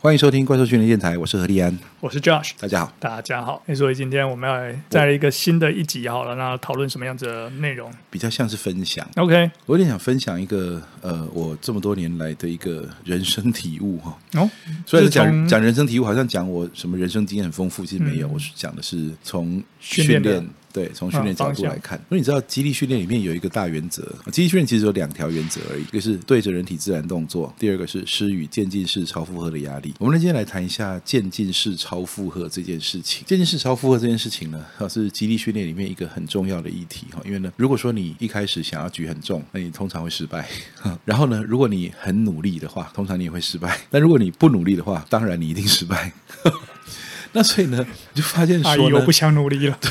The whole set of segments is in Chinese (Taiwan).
歡迎收聽怪獸訓練電台，我是何立安，我是 Josh，大家好，大家好。所以今天我們要來再來一個新的一集好了，我那討論什麼樣子的內容？比較像是分享。OK，我有點想分享一個呃、我這麼多年來的一個人生體悟哈。哦，所以、哦、講從講人生體悟，好像講我什麼人生經驗很豐富，其實沒有，嗯、我是講的是從。訓練，訓練、啊、對，從訓練角度來看，那下你知道，肌力訓練裡面有一個大原則，肌力訓練其實有兩條原則而已，一個是對着人體自然動作，第二個是施與漸進式超負荷的壓力。我們今天來談一下漸進式超負荷這件事情。漸進式超負荷這件事情呢，是肌力訓練裡面一個很重要的議題哈。因為呢，如果說你一開始想要舉很重，那你通常會失敗； 然後呢，如果你很努力的話，通常你也會失敗；但如果你不努力的話，當然你一定失敗。 那所以呢，你就發現說阿姨，我不想努力了。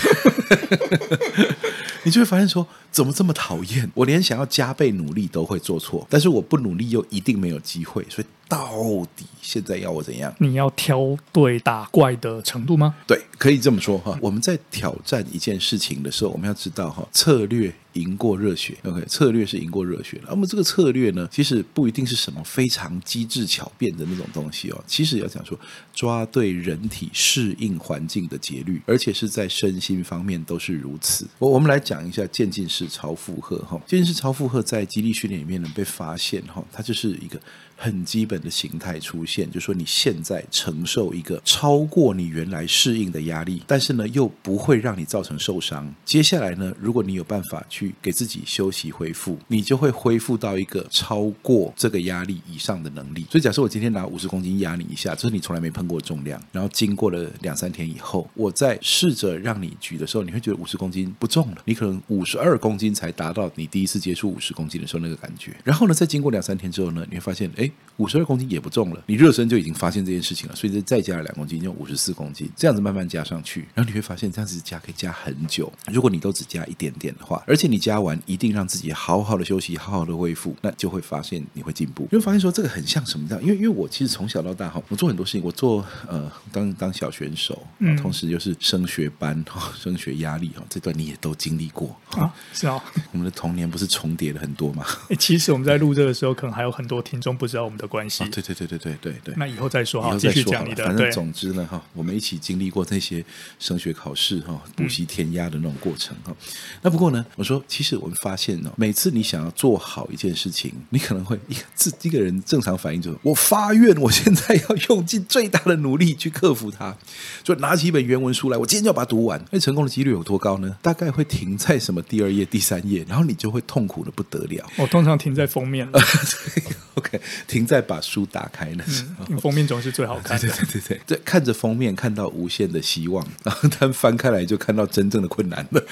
你就會發現說，怎麼這麼討厭？我連想要加倍努力都會做錯，但是我不努力又一定沒有機會。所以到底現在要我怎樣？你要挑對打怪的程度嗎？對，可以這麼說哈。我們在挑戰一件事情的時候，我們要知道哈策略，贏過熱血，OK，策略是贏過熱血的。那、啊、麼這個策略呢，其實不一定是什麼非常機智巧變的那種東西哦。其實要講說，抓對人體適應環境的節律，而且是在身心方面都是如此。我我們來講一下漸進式超負荷哈、哦。漸進式超負荷在肌力訓練裡面呢被發現哈、哦，它就是一個。很基本的形態出現，就是說你現在承受一個超過你原來適應的壓力，但是呢又不會讓你造成受傷。接下來呢，如果你有辦法去給自己休息恢復，你就會恢復到一個超過這個壓力以上的能力。所以，假設我今天拿五十公斤壓你一下，這就是你從來沒碰過重量，然後經過了兩三天以後，我再試着讓你舉的時候，你會覺得五十公斤不重了，你可能五十二公斤才達到你第一次接觸五十公斤的時候那個感覺。然後呢，再經過兩三天之後呢，你會發現，誒。五十二公斤也不重了，你熱身就已經發現這件事情了，所以再再加了兩公斤就五十四公斤，這樣子慢慢加上去，然後你會發現這樣子加可以加很久。如果你都只加一點點的話，而且你加完一定讓自己好好的休息，好好的恢復，那就會發現你會進步。因為發現說這個很像什麼這樣，因為因為我其實從小到大哈，我做很多事情，我做呃當當小選手，嗯、同時又是升學班，哦、升學壓力哈、哦，這段你也都經歷過啊，哦、是啊、哦，我們的童年不是重疊了很多嗎、欸？其實我們在錄這個的時候，嗯、可能還有很多聽眾不知道。到我們的關係、啊，對對對對對對，對那以後再說哈，繼續講你的。反正總之呢，哈對，我們一起經歷過那些升學考試哈，補習填鴨的那種過程哈。嗯、那不過呢，我說其實我們發現呢，哦，每次你想要做好一件事情，你可能會一個一個人正常反應就是我發願，我現在要用盡最大的努力去克服它，就拿起一本原文書來，我今天就要把它讀完。那成功的幾率有多高呢？大概會停在什麼第二頁、第三頁，然後你就會痛苦的不得了。我通常停在封面了。 停在把書打開那、嗯，封面總是最好看。對對對對，對，對看着封面看到無限的希望，然後他翻開來就看到真正的困難了。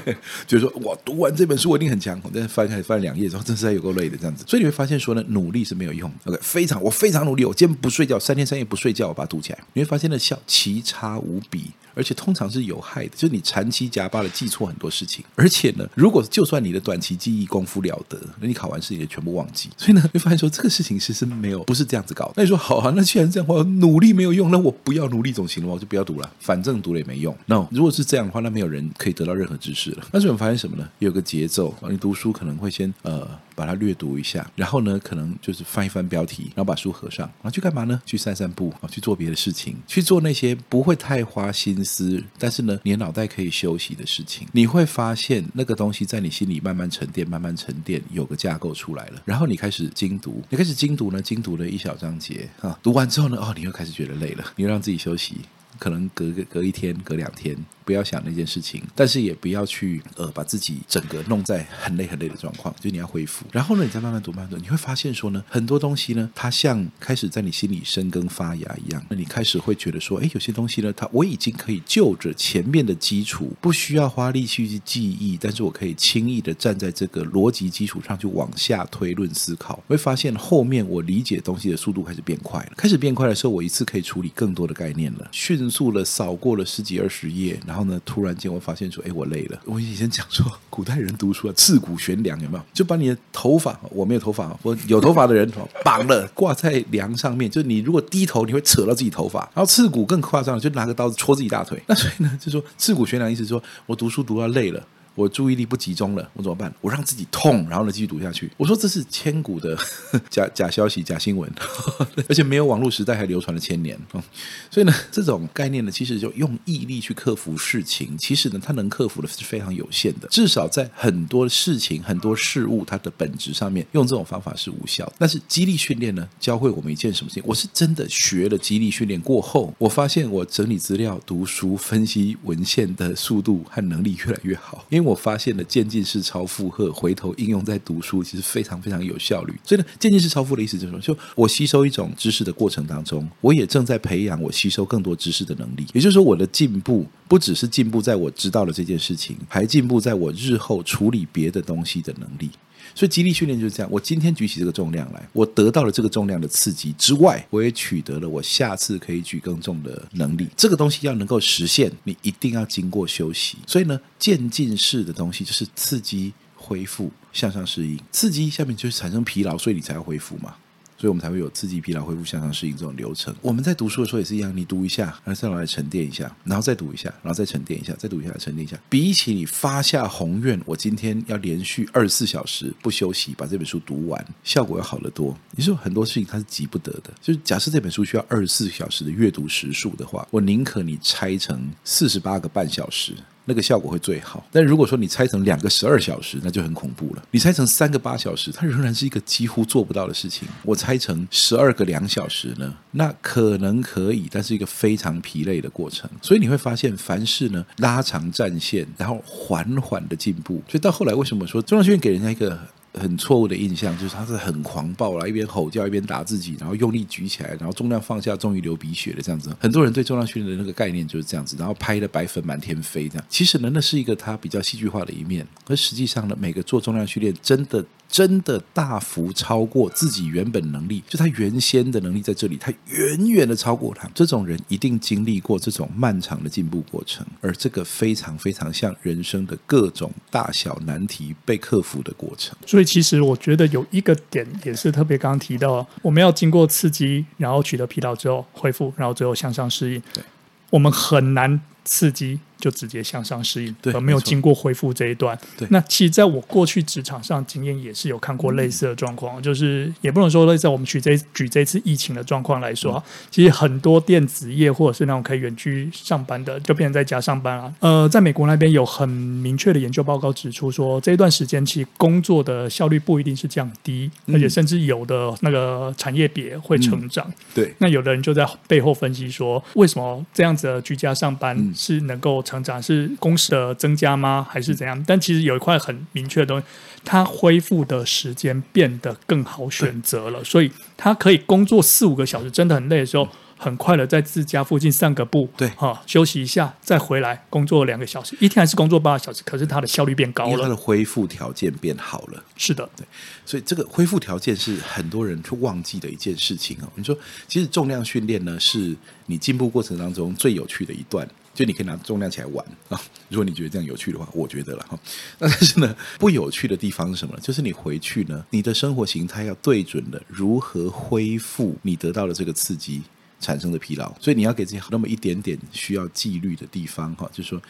對，就是說我讀完這本書我一定很強，但翻開翻兩頁之後真是有夠累的這樣子。所以你會發現，說呢努力是沒有用的。OK，非常我非常努力，我今天不睡覺，三天三夜不睡覺，我把它讀起來。你會發現呢效，奇差無比，而且通常是有害的。就是你長期夾巴的記錯很多事情，而且呢，如果就算你的短期記憶功夫了得，那你考完試也全部忘記。所以呢，你會發現說這。這個事情其實沒有，不是這樣子搞的。那你說好啊？那既然這樣的話，努力沒有用，那我不要努力總行了吧？我就不要讀了，反正讀了也沒用。那、No, 如果是這樣的話，那沒有人可以得到任何知識了。但是我們發現什麼呢？有個節奏啊，你讀書可能會先呃。把它略讀一下，然後呢，可能就是翻一翻標題，然後把書合上，然後去幹嘛呢？去散散步啊，去做別的事情，去做那些不會太花心思，但是呢，你的腦袋可以休息的事情。你會發現那個東西在你心裡慢慢沉澱，慢慢沉澱，有個架構出來了。然後你開始精讀，你開始精讀呢，精讀了一小章節啊，讀完之後呢，哦，你又開始覺得累了，你又讓自己休息。可能隔個隔一天、隔兩天，不要想那件事情，但是也不要去呃把自己整個弄在很累、很累的狀況。就你要恢復，然後呢，你再慢慢讀、慢慢讀，你會發現說呢，很多東西呢，它像開始在你心裡生根發芽一樣。那你開始會覺得說，誒，有些東西呢，它我已經可以就着前面的基礎，不需要花力氣去記憶，但是我可以輕易的站在這個邏輯基礎上去往下推論、思考。會發現後面我理解東西的速度開始變快了。開始變快的時候，我一次可以處理更多的概念了，迅速。讀了掃過了十幾二十頁，然後呢，突然間我發現說，哎，我累了。我以前講說，古代人讀書啊，刺股懸梁有沒有？就把你的頭髮，我沒有頭髮，我有頭髮的人綁了，掛在梁上面。就你如果低頭，你會扯到自己頭髮。然後刺股更誇張了，就拿個刀子戳自己大腿。那所以呢，就說刺股懸梁，意思是說我讀書讀到累了。我注意力不集中了，我怎麼辦？我讓自己痛，然後呢，繼續讀下去。我說這是千古的呵呵假假消息、假新聞， 而且沒有網絡時代，還流傳了千年啊！ 所以呢，這種概念呢，其實就用毅力去克服事情。其實呢，它能克服的是非常有限的。至少在很多事情、很多事物它的本質上面，用這種方法是無效的。但是肌力訓練呢，教會我們一件什麼事情？我是真的學了肌力訓練過後，我發現我整理資料、讀書、分析文獻的速度和能力越來越好，因為，因為我發現了漸進式超負荷，回頭應用在讀書其實非常非常有效率。所以呢，漸進式超負荷的意思就是說，就我吸收一種知識的過程當中，我也正在培養我吸收更多知識的能力。也就是說，我的進步不只是進步在我知道了這件事情，還進步在我日後處理別的東西的能力。所以，肌力訓練就是這樣。我今天舉起這個重量來，我得到了這個重量的刺激之外，我也取得了我下次可以舉更重的能力。這個東西要能夠實現，你一定要經過休息。所以呢，漸進式的東西就是刺激、恢復、向上適應。刺激下面就是產生疲勞，所以你才要恢復嘛。所以我們才會有刺激、疲勞、恢復、向上適應這種流程。我們在讀書的時候也是一樣，你讀一下，然後再來沉澱一下，然後再讀一下，然後再沉澱一下，再讀一下，再沉澱一下。比起你發下宏願，我今天要連續二十四小時不休息把這本書讀完，效果要好得多。你說很多事情它是急不得的。就是假設這本書需要二十四小時的閱讀時數的話，我寧可你拆成四十八個半小時。那個效果會最好，但如果說你拆成兩個十二小時，那就很恐怖了。你拆成三個八小時，它仍然是一個幾乎做不到的事情。我拆成十二個兩小時呢，那可能可以，但是一個非常疲累的過程。所以你會發現，凡事呢，拉長戰線，然後緩緩的進步。所以到後來，為什麼說中央學院給人家一個很錯誤的印象就是他是很狂暴啦，一邊吼叫一邊打自己，然後用力舉起來，然後重量放下，終於流鼻血了這樣子。很多人對重量訓練的那個概念就是這樣子，然後拍的白粉滿天飛這樣。其實呢，那是一個他比較戲劇化的一面，而實際上呢，每個做重量訓練真的真的大幅超過自己原本能力，就他原先的能力在這裡，他遠遠的超過他。這種人一定經歷過這種漫長的進步過程，而這個非常非常像人生的各種大小難題被克服的過程。所以。其實我覺得有一個點也是特別剛剛提到，我們要經過刺激，然後取得疲勞之後恢復，然後最後向上適應，對我們很難刺激。就直接向上適應，而對沒有經過恢復這一段。對那其實，在我過去職場上經驗也是有看過類似的狀況，嗯、就是也不能說類似，我們舉這舉這次疫情的狀況來說，嗯、其實很多電子業或者是那種可以遠距上班的，就變成在家上班了、啊。呃，在美國那邊有很明確的研究報告指出說，說這一段時間其實工作的效率不一定是降低，嗯、而且甚至有的那個產業別會成長。嗯、對，那有的人就在背後分析說，為什麼這樣子的居家上班是能夠。成長是工時的增加嗎？還是怎樣？嗯、但其實有一塊很明確的東西，他恢復的時間變得更好選擇了，對所以他可以工作四五個小時，真的很累的時候，嗯、很快的在自家附近散個步，對，哈、哦，休息一下，再回來工作兩個小時，一天還是工作八個小時，可是他的效率變高了，因為他的恢復條件變好了。是的，對，所以這個恢復條件是很多人去忘記的一件事情哦。你說，其實重量訓練呢，是你進步過程當中最有趣的一段。就你可以拿重量起來玩啊、哦！如果你覺得這樣有趣的話，我覺得了哈。那、哦、但是呢，不有趣的地方是什麼呢？就是你回去呢，你的生活形態要對準了如何恢復你得到了這個刺激產生的疲勞。所以你要給自己好那麼一點點需要紀律的地方哈、哦，就是說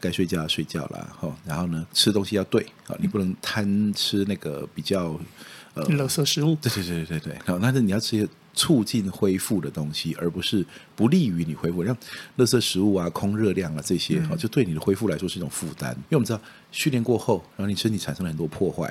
該睡覺要睡覺啦。哈、哦。然後呢，吃東西要對啊、哦，你不能貪吃那個比較呃垃圾食物。對對對對對對，但、哦、是你要吃些。促進恢復的東西，而不是不利於你恢復，讓垃圾食物啊、空熱量啊這些，就對你的恢復來說是一種負擔。因為我們知道訓練過後，然後你身體產生了很多破壞。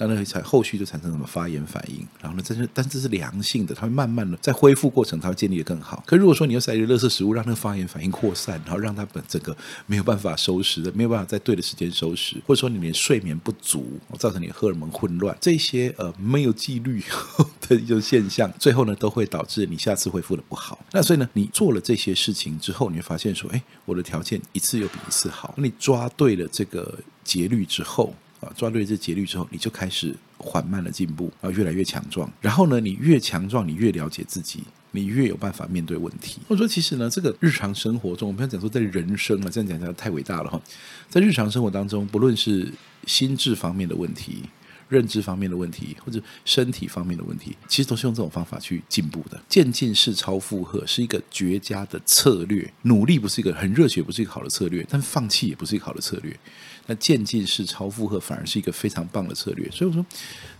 讓那個才後續就產生什麼發炎反應，然後呢，但是但這是良性的，它會慢慢的在恢復過程，它會建立得更好。可如果說你又塞一個垃圾食物，讓那個發炎反應擴散，然後讓它本這個沒有辦法收拾的，沒有辦法在對的時間收拾，或者說你連睡眠不足，造成你荷爾蒙混亂，這些呃沒有紀律的一種現象，最後呢都會導致你下次恢復的不好。那所以呢，你做了這些事情之後，你會發現說，哎，我的條件一次又比一次好。那你抓對了這個節律之後。啊，抓對這節律之後，你就開始緩慢的進步啊，越來越強壯。然後呢，你越強壯，你越了解自己，你越有辦法面對問題。我說，其實呢，這個日常生活中，我們要講說，在人生啊，這樣講講太偉大了哈、哦，在日常生活當中，不論是心智方面的問題。認知方面的問題，或者身體方面的問題，其實都是用這種方法去進步的。漸進式超負荷是一個絕佳的策略。努力不是一個很熱血，不是一個好的策略，但放棄也不是一個好的策略。那漸進式超負荷反而是一個非常棒的策略。所以我說，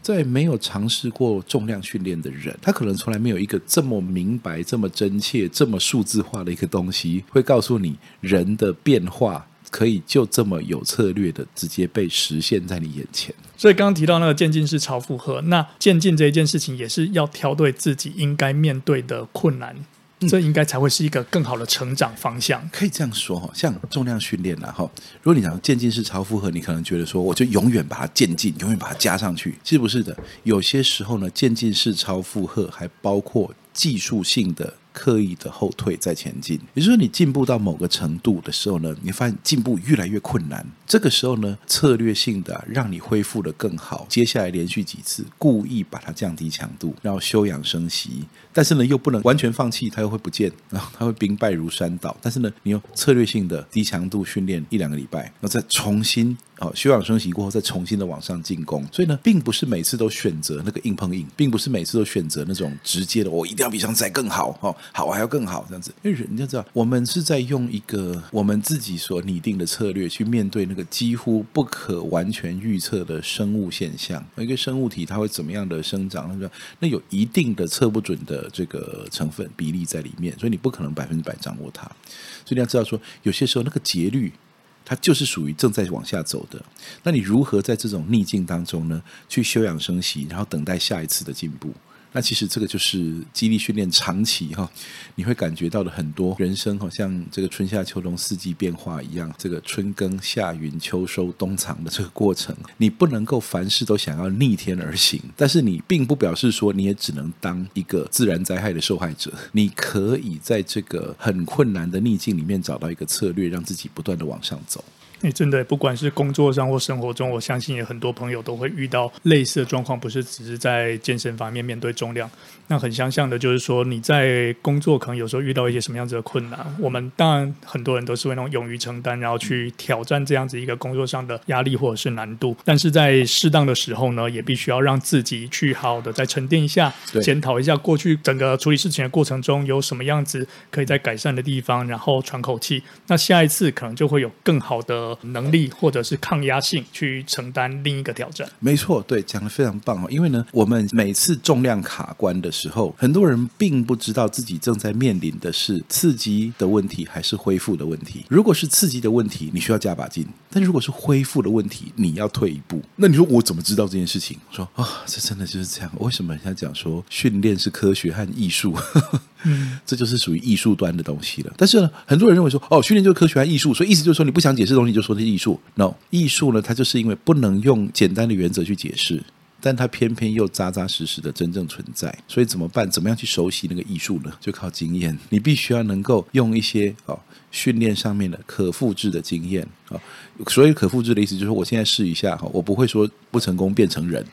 在沒有嘗試過重量訓練的人，他可能從來沒有一個這麼明白、這麼真切、這麼數字化的一個東西，會告訴你人的變化。可以就這麼有策略的直接被實現在你眼前。所以剛剛提到那個漸進式超負荷，那漸進這一件事情也是要挑對自己應該面對的困難，嗯，這應該才會是一個更好的成長方向。可以這樣說哈，像重量訓練然後啊，如果你想要漸進式超負荷，你可能覺得說我就永遠把它漸進，永遠把它加上去，是不是的？有些時候呢，漸進式超負荷還包括技術性的。刻意的後退再前進，也就是說，你進步到某個程度的時候呢，你發現進步越來越困難。這個時候呢，策略性的啊，讓你恢復的更好，接下來連續幾次故意把它降低強度，然後休養生息。但是呢，又不能完全放棄，它又會不見，然後它會兵敗如山倒。但是呢，你用策略性的低強度訓練一兩個禮拜，然後再重新啊、哦、休養生息過後，再重新的往上進攻。所以呢，並不是每次都選擇那個硬碰硬，並不是每次都選擇那種直接的，我、哦、一定要比上次還更好哦，好還要更好這樣子。因為人家知道，我們是在用一個我們自己所擬定的策略去面對那個幾乎不可完全預測的生物現象。一個生物體它會怎麼樣的生長？那個那有一定的測不準的。這個成分比例在裡面，所以你不可能百分之百掌握它。所以你要知道，說有些時候那個節律，它就是屬於正在往下走的。那你如何在這種逆境當中呢，去休養生息，然後等待下一次的進步？那其實這個就是肌力訓練長期哈，你會感覺到的很多人生好像這個春夏秋冬四季變化一樣，這個春耕夏耘秋收冬藏的這個過程，你不能夠凡事都想要逆天而行，但是你並不表示說你也只能當一個自然災害的受害者，你可以在這個很困難的逆境裡面找到一個策略，讓自己不斷的往上走。你、欸、真的不管是工作上或生活中，我相信也很多朋友都會遇到類似的狀況，不是只是在健身方面面對重量。那很相像的，就是說你在工作可能有時候遇到一些什麼樣子的困難。我們當然很多人都是為那種勇於承擔，然後去挑戰這樣子一個工作上的壓力或者是難度。但是在適當的時候呢，也必須要讓自己去好的再沉澱一下，對檢討一下過去整個處理事情的過程中有什麼樣子可以再改善的地方，然後喘口氣。那下一次可能就會有更好的。能力或者是抗壓性去承擔另一個挑戰，沒錯，對，講得非常棒啊！因為呢，我們每次重量卡關的時候，很多人並不知道自己正在面臨的是刺激的問題還是恢復的問題。如果是刺激的問題，你需要加把勁；但如果是恢復的問題，你要退一步。那你說我怎麼知道這件事情？說啊、哦，這真的就是這樣。為什麼人家講說訓練是科學和藝術？嗯， 這就是屬於藝術端的東西了。但是呢，很多人認為說哦，訓練就是科學和藝術，所以意思就是說你不想解釋東西就。是說的藝術，那，no，藝術呢？它就是因為不能用簡單的原則去解釋。但它偏偏又扎扎實實的真正存在，所以怎麼辦？怎麼樣去熟悉那個藝術呢？就靠經驗，你必須要能夠用一些哦訓練上面的可複製的經驗啊。所以可複製的意思就是，我現在試一下哈，我不會說不成功便成仁，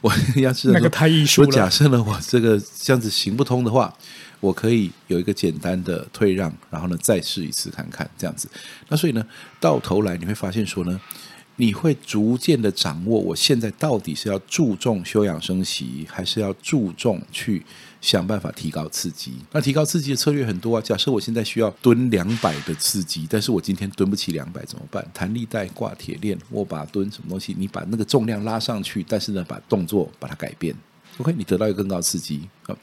我 要是試那個太藝術了。假設呢，我這個這樣子行不通的話，我可以有一個簡單的退讓，然後呢再試一次看看這樣子。那所以呢，到頭來你會發現說呢。你會逐漸的掌握，我現在到底是要注重休養生息，還是要注重去想辦法提高刺激？那提高刺激的策略很多啊。假設我現在需要蹲兩百的刺激，但是我今天蹲不起兩百怎麼辦？彈力帶、掛鐵鏈、握把它蹲，什麼東西？你把那個重量拉上去，但是呢，把動作把它改變。OK，你得到一個更高刺激啊、哦。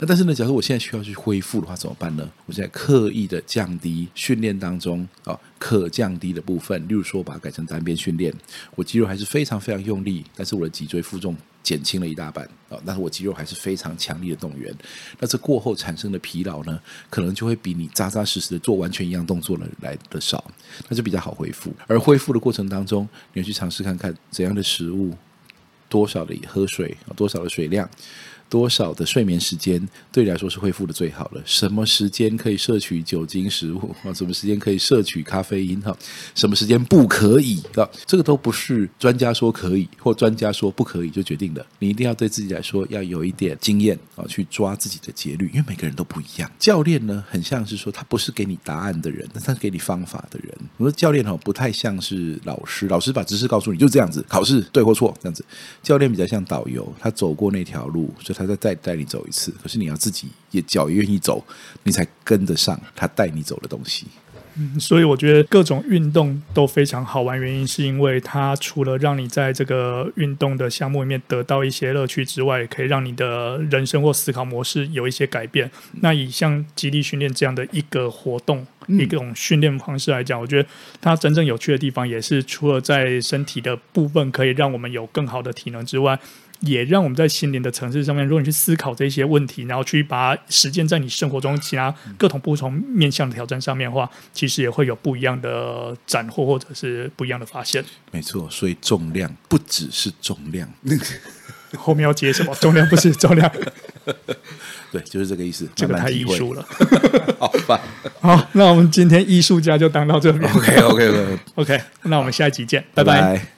那但是呢，假如我現在需要去恢復的話，怎麼辦呢？我現在刻意的降低訓練當中啊、哦，可降低的部分，例如說我把它改成單邊訓練，我肌肉還是非常非常用力，但是我的脊椎負重減輕了一大半啊、哦。但是我肌肉還是非常強力的動員。那這過後產生的疲勞呢，可能就會比你扎扎實實的做完全一樣動作的來的少，那就比較好恢復。而恢復的過程當中，你要去嘗試看看怎樣的食物，多少的喝水，多少的水量？多少的睡眠時間對你來說是恢復的最好了？什麼時間可以攝取酒精食物啊？什麼時間可以攝取咖啡因哈？什麼時間不可以啊？這個都不是專家說可以或專家說不可以就決定的。你一定要對自己來說要有一點經驗啊，去抓自己的節律，因為每個人都不一樣。教練呢，很像是說他不是給你答案的人，但他是給你方法的人。我說教練哦，不太像是老師，老師把知識告訴你就是這樣子，考試對或錯這樣子。教練比較像導遊，他走過那條路他再帶帶你走一次，可是你要自己也腳願意走，你才跟得上他帶你走的東西。嗯，所以我覺得各種運動都非常好玩，原因是因為它除了讓你在這個運動的項目裡面得到一些樂趣之外，也可以讓你的人生或思考模式有一些改變。那以像肌力訓練這樣的一個活動、嗯、一種訓練方式來講，我覺得它真正有趣的地方也是除了在身體的部分可以讓我們有更好的體能之外。也讓我們在心靈的層次上面，如果你去思考這些問題，然後去把它實踐在你生活中其他各種不同面向的挑戰上面的話，其實也會有不一樣的斬獲，或者是不一樣的發現。沒錯，所以重量不只是重量， 後面要接什麼？重量不是重量， 對，就是這個意思。慢慢這個太藝術了，好 好，那我們今天藝術家就當到這邊。OK，OK，OK，OK。那我們下一集見，拜拜。Bye bye.